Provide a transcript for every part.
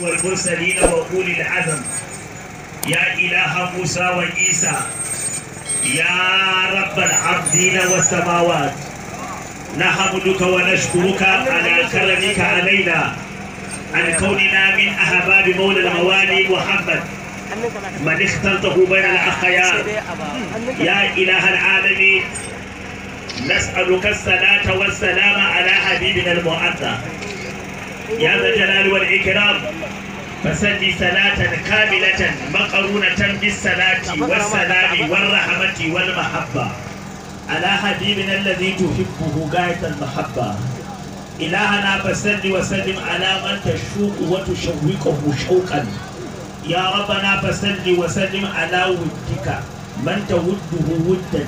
والمرسلين وأولي العزم يا إله موسى وعيسى يا رب العبدين والسماوات نحمدك ونشكرك على كرمك علينا عن كوننا من أحباب مولى الموالي محمد من اخترته بين الأخيار يا إله العالمين نسألك الصلاة والسلام على حبيبنا المؤدى يا ذا الجلال والإكرام فسلي صلاة كاملة مقرونة بالصلاة والسلام والرحمة والمحبة على حبيبنا الذي تحبه غاية المحبة إلهنا فسلي وسلم على من تشوق وتشوقه شوقا يا ربنا فسلي وسلم على ودك من توده ودا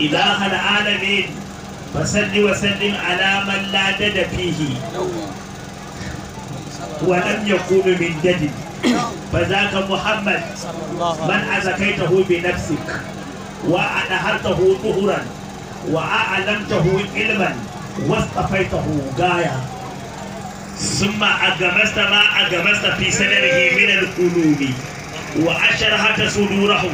إله العالمين فسلي وسلم على من لا دد فيه ولم يكون من جدي فذاك محمد من أزكيته بنفسك وأنهرته طهرا وأعلمته علما واصطفيته غاية ثم أجمست ما أجمست في سنره من القلوب وأشرحت صدورهم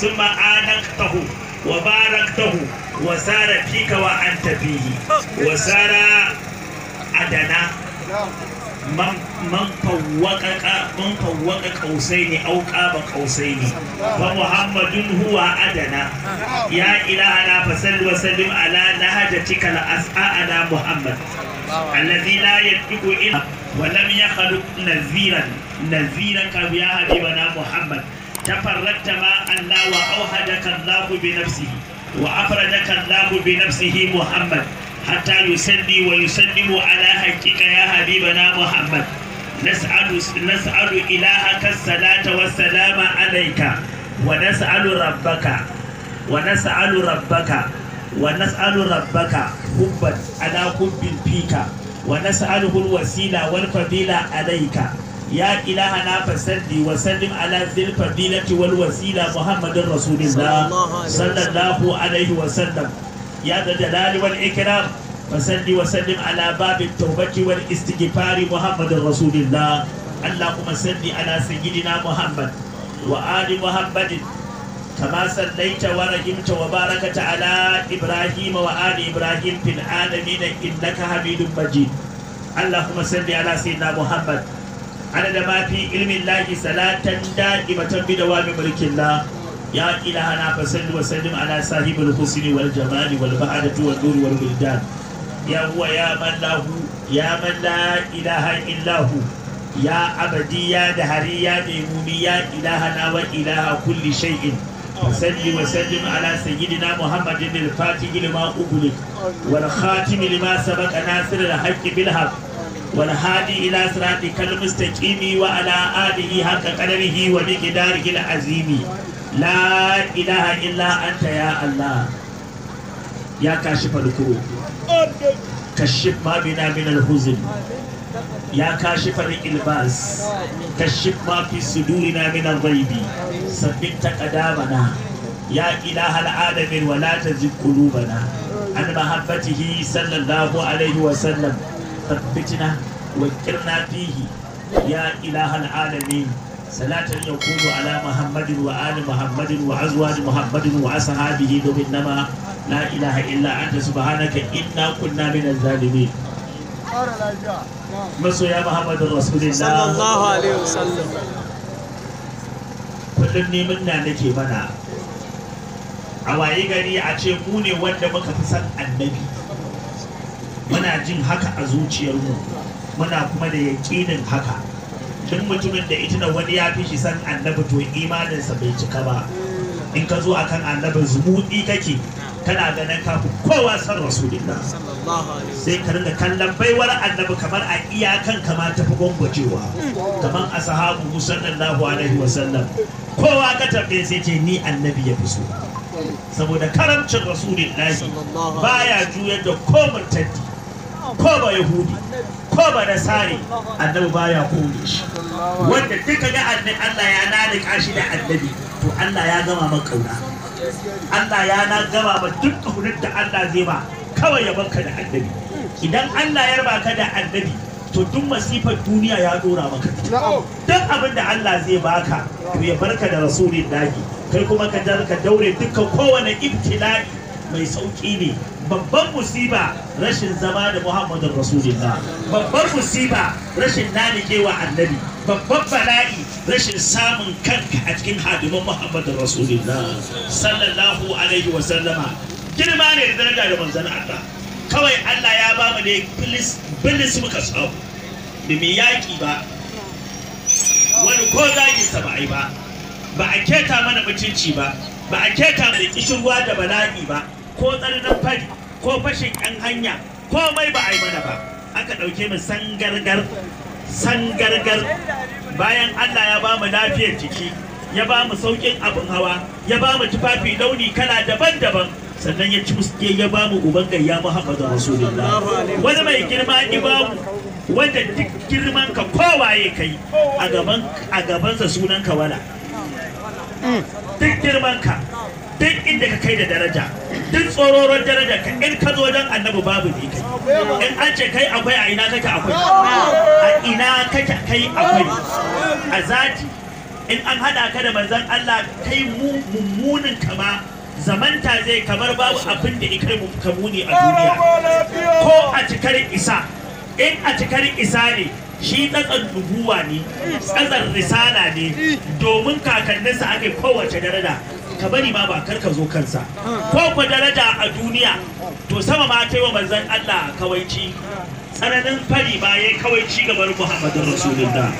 ثم آنقته وباركته وسار فيك وأنت فيه وسار أدنا man fawwaka kausai ne auka ba kausai ne fa muhammadun huwa adana ya ilahana fa sallu wa sallim ala nahajatika la as'ana muhammad alladhi la yadhiku illa wa lam yakhluq naziran naziran ka ya habibana muhammad tafarrakta ma anna wa auhadaka allah bi nafsihi wa afradaka allah bi nafsihi muhammad حتى يسلي ويسلم على حقك يا حبيبنا محمد نسأل نسأل إلهك الصلاة والسلام عليك ونسأل ربك ونسأل ربك ونسأل ربك حبا على حب فيك ونسأله الوسيلة والفضيلة عليك يا إلهنا فسلي وسلم على ذي الفضيلة والوسيلة محمد رسول الله صلى الله عليه وسلم يا ذا الجلال والإكرام فصل وسلم على باب التوبة والاستغفار محمد رسول الله اللهم صل على سيدنا محمد وآل محمد كما صليت ورحمت وباركت على إبراهيم وآل إبراهيم في العالمين إنك حميد مجيد اللهم صل على سيدنا محمد عدد ما في علم الله صلاة دائمة بدوام ملك الله يا إلهنا فسل وسلم على صاحب الحسن والجمال والبهجة والنور والولدان يا هو يا من له يا من لا إله إلا هو يا أبدي يا دهري يا ميمومي يا إلهنا وإله كل شيء صل وسلم على سيدنا محمد الفاتح لما أغلق والخاتم لما سبق ناصر الحق بالحق والهادي إلى صراطك المستقيم وعلى آله حق قدره ومقداره العظيم لا إله إلا أنت يا الله يا كاشف الكروب كشف ما بنا من الحزن يا كاشف الإلباس كشف ما في صدورنا من الريب ثبت قدامنا يا إله العالمين ولا تزغ قلوبنا عن محبته صلى الله عليه وسلم fitina wa kirna fihi ya ilahal alamin salatan ya yakunu ala muhammadin wa ali muhammadin wa azwaj muhammadin wa ashabihi domin nama la ilaha illa anta subhanaka inna kunna minaz zalimin masoya muhammadin rasulullah sallallahu alaihi wasallam kullum neman na nake mana a waye gari a ce mu ne wanda muka fi san annabi muna jin haka a zuciyarmu muna kuma da yaƙinin haka duk mutumin da ita da wani ya fi shi san annabi to imaninsa bai cika ba in ka zo akan annabi zumuɗi kake kana ganin ka kowa san rasulullah sai ka ringa kallon baiwar annabi kamar a iyakan kama ta fi gwangwacewa kamar a sahabu sallallahu alaihi wasallam kowa ka tafi sai ce ni annabi ya fi so saboda karamcin rasulullah baya juyar da komin taddi ko ba yahudi ko ba nasari annabi baya kore shi wanda duka ga annabi Allah ya nalika shi da annabi to Allah ya gama maka kauna Allah ya na gama ba duk kaunar da Allah zai ba kawai ya baka da annabi idan Allah ya baka da annabi to duk masifar duniya ya dora maka duk abin da Allah zai baka to ya barka da rasulin daji kai kuma ka jarka daure dukkan kowane ibtila'i mai sauki ne babban musiba rashin zama da muhammadun rasulullah babban musiba rashin nanikewa annabi babban bala'i rashin samun kanka a cikin hadiman Muhammadu rasulullah sallallahu alaihi wa sallama girma ne da daraja da manzon Allah kawai Allah ya ba mu ne bilis muka samu da mai yaƙi ba wani ko zaginsa ba a yi ba ba a keta mana mutunci ba ba a keta mana kishirwa da bala'i ba ko tsarnan fari ko fashin yan hanya ko mai ba a yi mana ba aka ɗauke mu sangargar sangargar bayan Allah ya ba mu lafiyar jiki ya ba mu sauƙin abin hawa ya ba mu tufafi launi kala daban-daban sannan ya ci ya ba mu uban gayya Muhammadu Rasulullah wani mai girma ni ba mu wanda duk girman ka kowaye kai a a gabansa sunan ka wala duk girman ka duk inda ka kai da daraja duk tsororon daraja ka in ka zo don annabi babu ne kai in an ce kai akwai a ina kake akwai a ina kake kai akwai a zati in an hada ka da manzon Allah kai mu mummunin kama zamanta zai kamar babu abin da ikar kamuni a duniya ko a cikar isa in a cikar isa ne shi tsatsan dubuwa ne tsatsan risala ne domin kakanninsa ake kowace daraja ka bari ma ba kar zo kansa ko ku daraja a duniya to sama ma ta wa manzon Allah kawaici tsananin fari ba yayi kawaici ga bar Muhammadin Rasulullah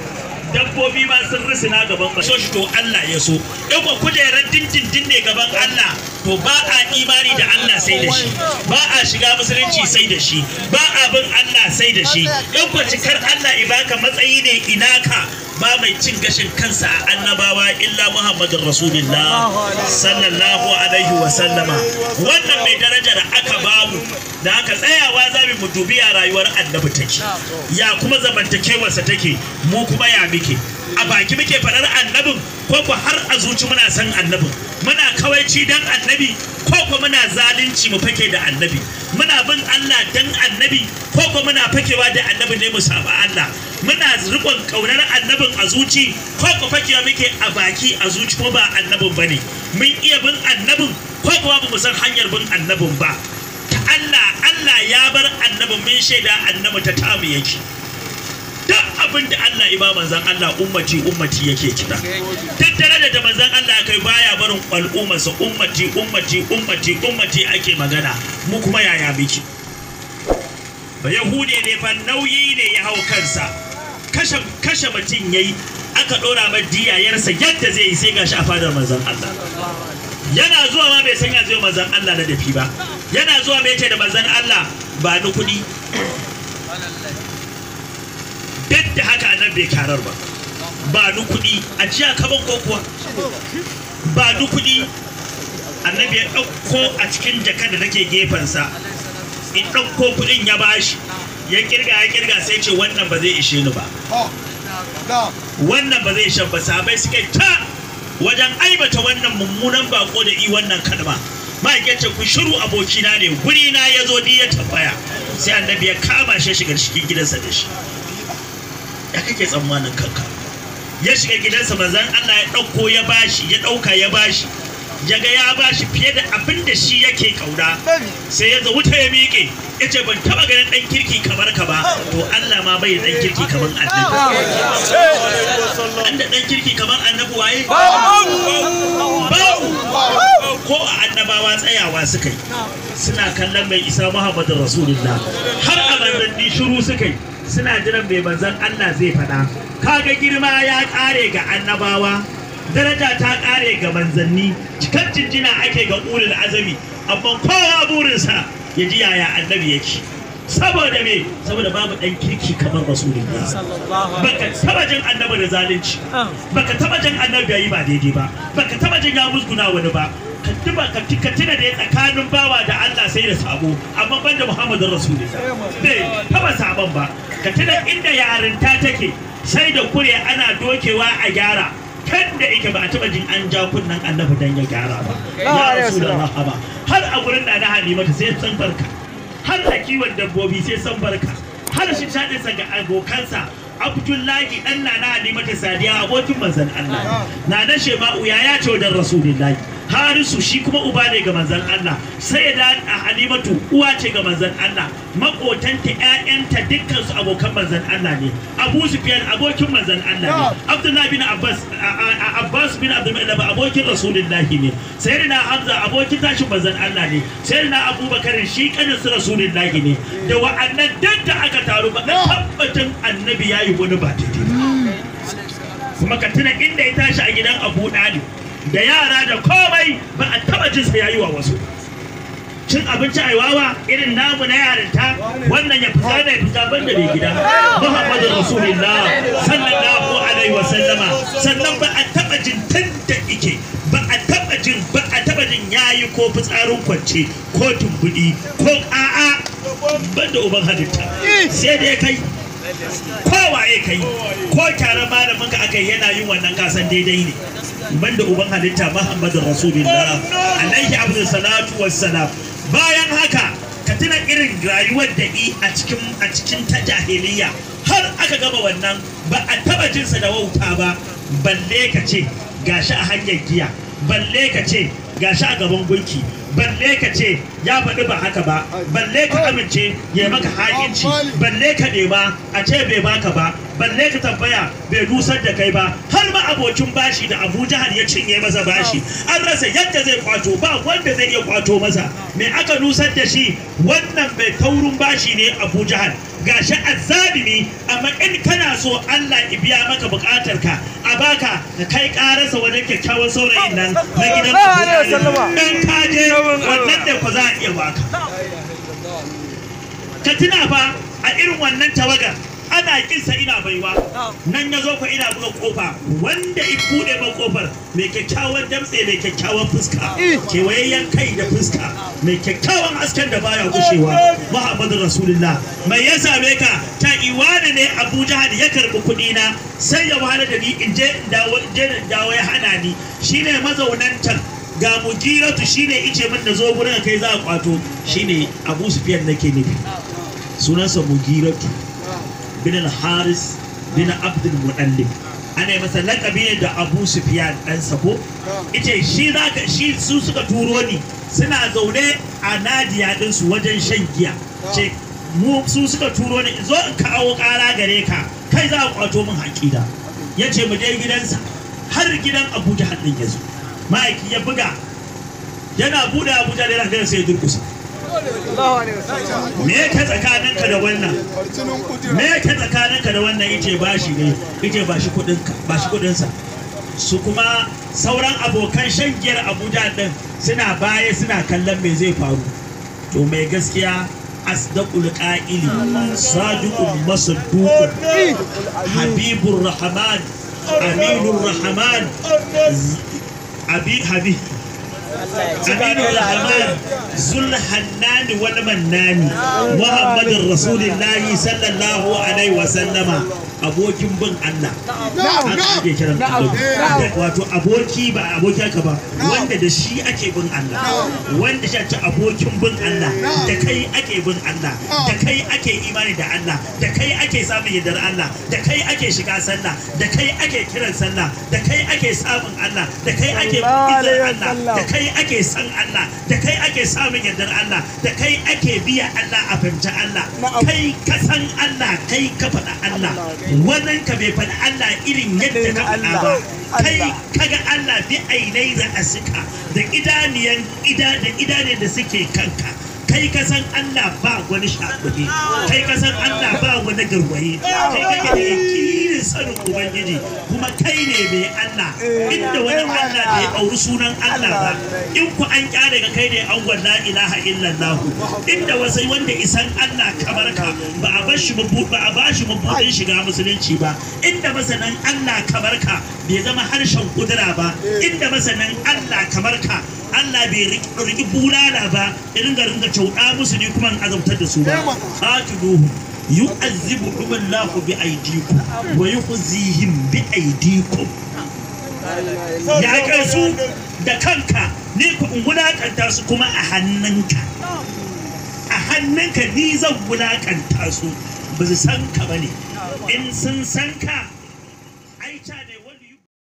dabbobi ma sun risina gaban ba so shi to Allah ya so in ko kujerar din-din-din ne gaban Allah to ba a imani da Allah sai da shi ba a shiga musulunci sai da shi ba a bin Allah sai da shi in ko cikar Allah ibaka matsayi ne ina ka? ba mai cin gashin kansa a annabawa illa muhammadin rasulullah sallallahu alaihi wa sallama wannan mai daraja da aka babu da aka tsayawa za mu dubi a rayuwar annabi take ya kuma zamantakewarsa take mu kuma ya muke a baki muke faɗar annabin ko ku har a zuci muna san annabin muna kawaici dan annabi ko ku muna zalunci mu fake da annabi muna bin Allah dan annabi ko ku muna fakewa da annabi ne mu saba Allah muna rikon kaunar annabin a zuci ko ku fakewa muke a baki a zuci ko ba annabin bane mun iya bin annabin ko kuma ba mu san hanyar bin annabin ba Allah Allah ya bar annabin mun shaida annabi ta tamu yake duk abin da Allah ya ba manzon Allah ummati ummati yake kira tattare da manzon Allah kai baya barin al'ummarsa ummati ummati ummati ummati ake magana mu kuma yaya miki ba ne fa nauyi ne ya hau kansa kashe mutum ya yi aka dora ma diyayarsa yadda zai yi sai ga shi a fadar mazan Allah yana zuwa ma bai san ya zo mazan Allah na dafi ba yana zuwa mai ce da mazan Allah ba ni kuɗi duk da haka nan bai karar ba ba ni kuɗi a jiya kaban ko kuwa ba ni kuɗi annabi ya ɗauko a cikin jaka da nake gefensa in ɗauko kuɗin ya bashi ya kirga ya kirga sai ce wannan ba zai ishe ni ba wannan ba zai ishe ba sabai suke ta wajen aibata wannan mummunan bako da i wannan kalma ma'aikin ce ku shiru abokina ne guri na ya zo ni ya tambaya sai annabi ya kama shi shiga cikin gidansa da shi ya kake tsammanin kanka ya shiga gidansa manzan Allah ya ɗauko ya bashi ya ɗauka ya bashi ya ga ya bashi fiye da abin da shi yake kauna sai ya zo wuta ya miƙe ya ce ban taba ganin dan kirki kamar ka ba to Allah ma bai dan kirki kamar annabi inda dan kirki kamar annabi waye ko a annabawa tsayawa suka yi suna kallon mai isa muhammadu rasulullah har a manzanni shiru suka yi suna jiran mai manzan Allah zai faɗa kaga girma ya kare ga annabawa daraja ta ƙare ga manzanni cikar jinjina ake ga ulul azami amma kowa burinsa ya ji yaya annabi yake saboda me saboda babu dan kirki kamar rasulullah baka taba jin annabi da zalunci ah. baka taba jin annabi yayi ba daidai ba baka taba jin ya musguna wani ba ka tuba ka tika tuna da tsakanin bawa da Allah sai da sabo amma banda Muhammadu Rasulullah eh, bai taba sabon ba ka tuna inda yarinta take sai da kure ana dokewa a gyara kan da ike ba a taba jin an ja kunnan annabi dan ya gyara ba ah, ya da ba har a gurin da na halimata sai san barka har a kiwon dabbobi sai san barka har shi sa ga abokansa abdullahi dan nana halimata sadiya abokin manzon allah ah. Na shema'u ya ya ce wajen rasulullahi harisu shi kuma uba ne ga manzan Allah sai da halimatu uwa ce ga manzan Allah makotanta ƴaƴanta dukkan su abokan manzan Allah ne Abu Sufyan abokin manzan Allah ne Abdullah bin Abbas Abbas bin Abdul Muttalib abokin Rasulullah ne Sayyidina Hamza abokin tashin manzan Allah ne Sayyidina Abubakar shi kanin su Rasulullah ne da wa'annan dukkan aka taru ba tabbacin annabi yayi wani ba daidai hmm. kuma ka tuna inda ya tashi a gidan Abu Dalib da yara da komai ba a taba jin sa yayi wasu cin abinci a wawa irin namu na ta. wannan ya fita da fita ban da gida muhammadu rasulullah sallallahu alaihi wasallama sannan ba a taba jin tanta ike ba a taba jin ba a taba jin yayi ko fitsarin kwance ko tumbudi ko a'a ban da uban halitta sai dai kai kowa ya kai ko kyaran malamin ka aka yana yin wannan kasan daidai ne banda uban halitta muhammadu rasulullah alaihi abdul salatu wassalam bayan haka ka tuna irin rayuwar da yi a cikin a cikin ta jahiliya har aka gama wannan ba a taba jinsa da wauta ba balle ka ce gashi a hanyar giya balle ka ce gashi a gaban gunki balle ka ce ya faɗi ba haka ba balle ka amince ya maka hakinci balle ka nema a ce bai baka ba balle ka tambaya bai dusar da kai ba har ma abokin bashi da abu jihar ya cinye masa bashi an rasa yadda zai kwato ba wanda zai iya kwato masa me aka nusar da shi wannan mai taurin bashi ne abu jihar gashi ne amma in kana so Allah ya biya maka bukatar ka a baka ka kai karasa wani kyakkyawan saurayin nan na gidan dan kaje wannan da ku za a iya baka ka tuna fa a irin wannan tawagar ana kinsa ina baiwa nan ya zo fa ina buga kofa wanda in bude ban kofar mai kyakkyawan damtse mai kyakkyawan fuska kewayayyen kai da fuska mai kyakkyawan asken da baya gushewa muhammadu rasulullah mai ya same ka ta iwana ne abu jahal ya karbi kuɗi na sai ya wahala da ni in je in dawo ya hana ni shine mazaunan can ga mujiratu shine ice min da zo gurin kai za a kwato shine abu sufiyan nake nufi sunansa mujiratu bin al-haris bin abdul muɗallib ana masa lakabi ne da abu sufiyan ɗansa ko ita shi zaka shi su suka turo ni suna zaune a nadiya ɗinsu wajen shan giya ce mu su suka turo ni zo in kawo kara gare ka kai za a kwato min haƙida ya ce mu je gidansa har gidan abuja haɗin ya zo ma'aiki ya buga yana buɗe abuja da yana sai ya durkusa me yake tsakaninka da wannan me yake tsakaninka da wannan yace bashi ne yace bashi kudin bashi kudin sa su kuma sauran abokan shan giyar Abuja din suna baya suna kallon me zai faru to mai gaskiya asdaqul qa'ili sadiqul masadduq habibur rahman aminur rahman abi habib aminur rahman zulhannan wal mannan muhammadur rasulullahi sallallahu alaihi wasallama abokin bin Allah ake kiran wato aboki ba aboki aka ba wanda da shi ake bin Allah wanda shi ake abokin bin Allah da kai ake bin Allah da kai ake imani da Allah da kai ake samun yadda Allah da kai ake shiga sallah da kai ake kiran sallah da kai ake samun Allah da kai ake izar Allah da kai ake san Allah da kai ake samun yadda Allah da kai ake biya Allah a fahimci Allah kai ka san Allah kai ka faɗa Allah wannan ka bai faɗi Allah irin yadda ka faɗa ba kai kaga Allah bi ainai da asika da idaniyan ida da idane da suke kanka kai ka san Allah ba wani shakuɗi kai ka san Allah ba wani garwaye kai ka ga yake sanin ubangiji kuma kai ne mai Allah inda eh, wani Allah da ya auri sunan Allah ba in ku an kyare ga kai ne an la ilaha illallah inda wasai wanda isan Allah kamar ka ba a bar shi ba a ba shi mabudin shiga musulunci ba inda masanan Allah kamar ka bai zama harshen kudura ba eh. inda masanan Allah kamar ka Allah bai riki bulala ba irin garin da cauɗa musu ne kuma azabtar da su ba eh, yu'azzibuhum Allahu bi aydikum wa yukhzihim bi aydikum ya kai su da kanka ni ku wulakanta su kuma a hannunka a hannunka ni zan wulakanta su ba su san ka bane in sun san ka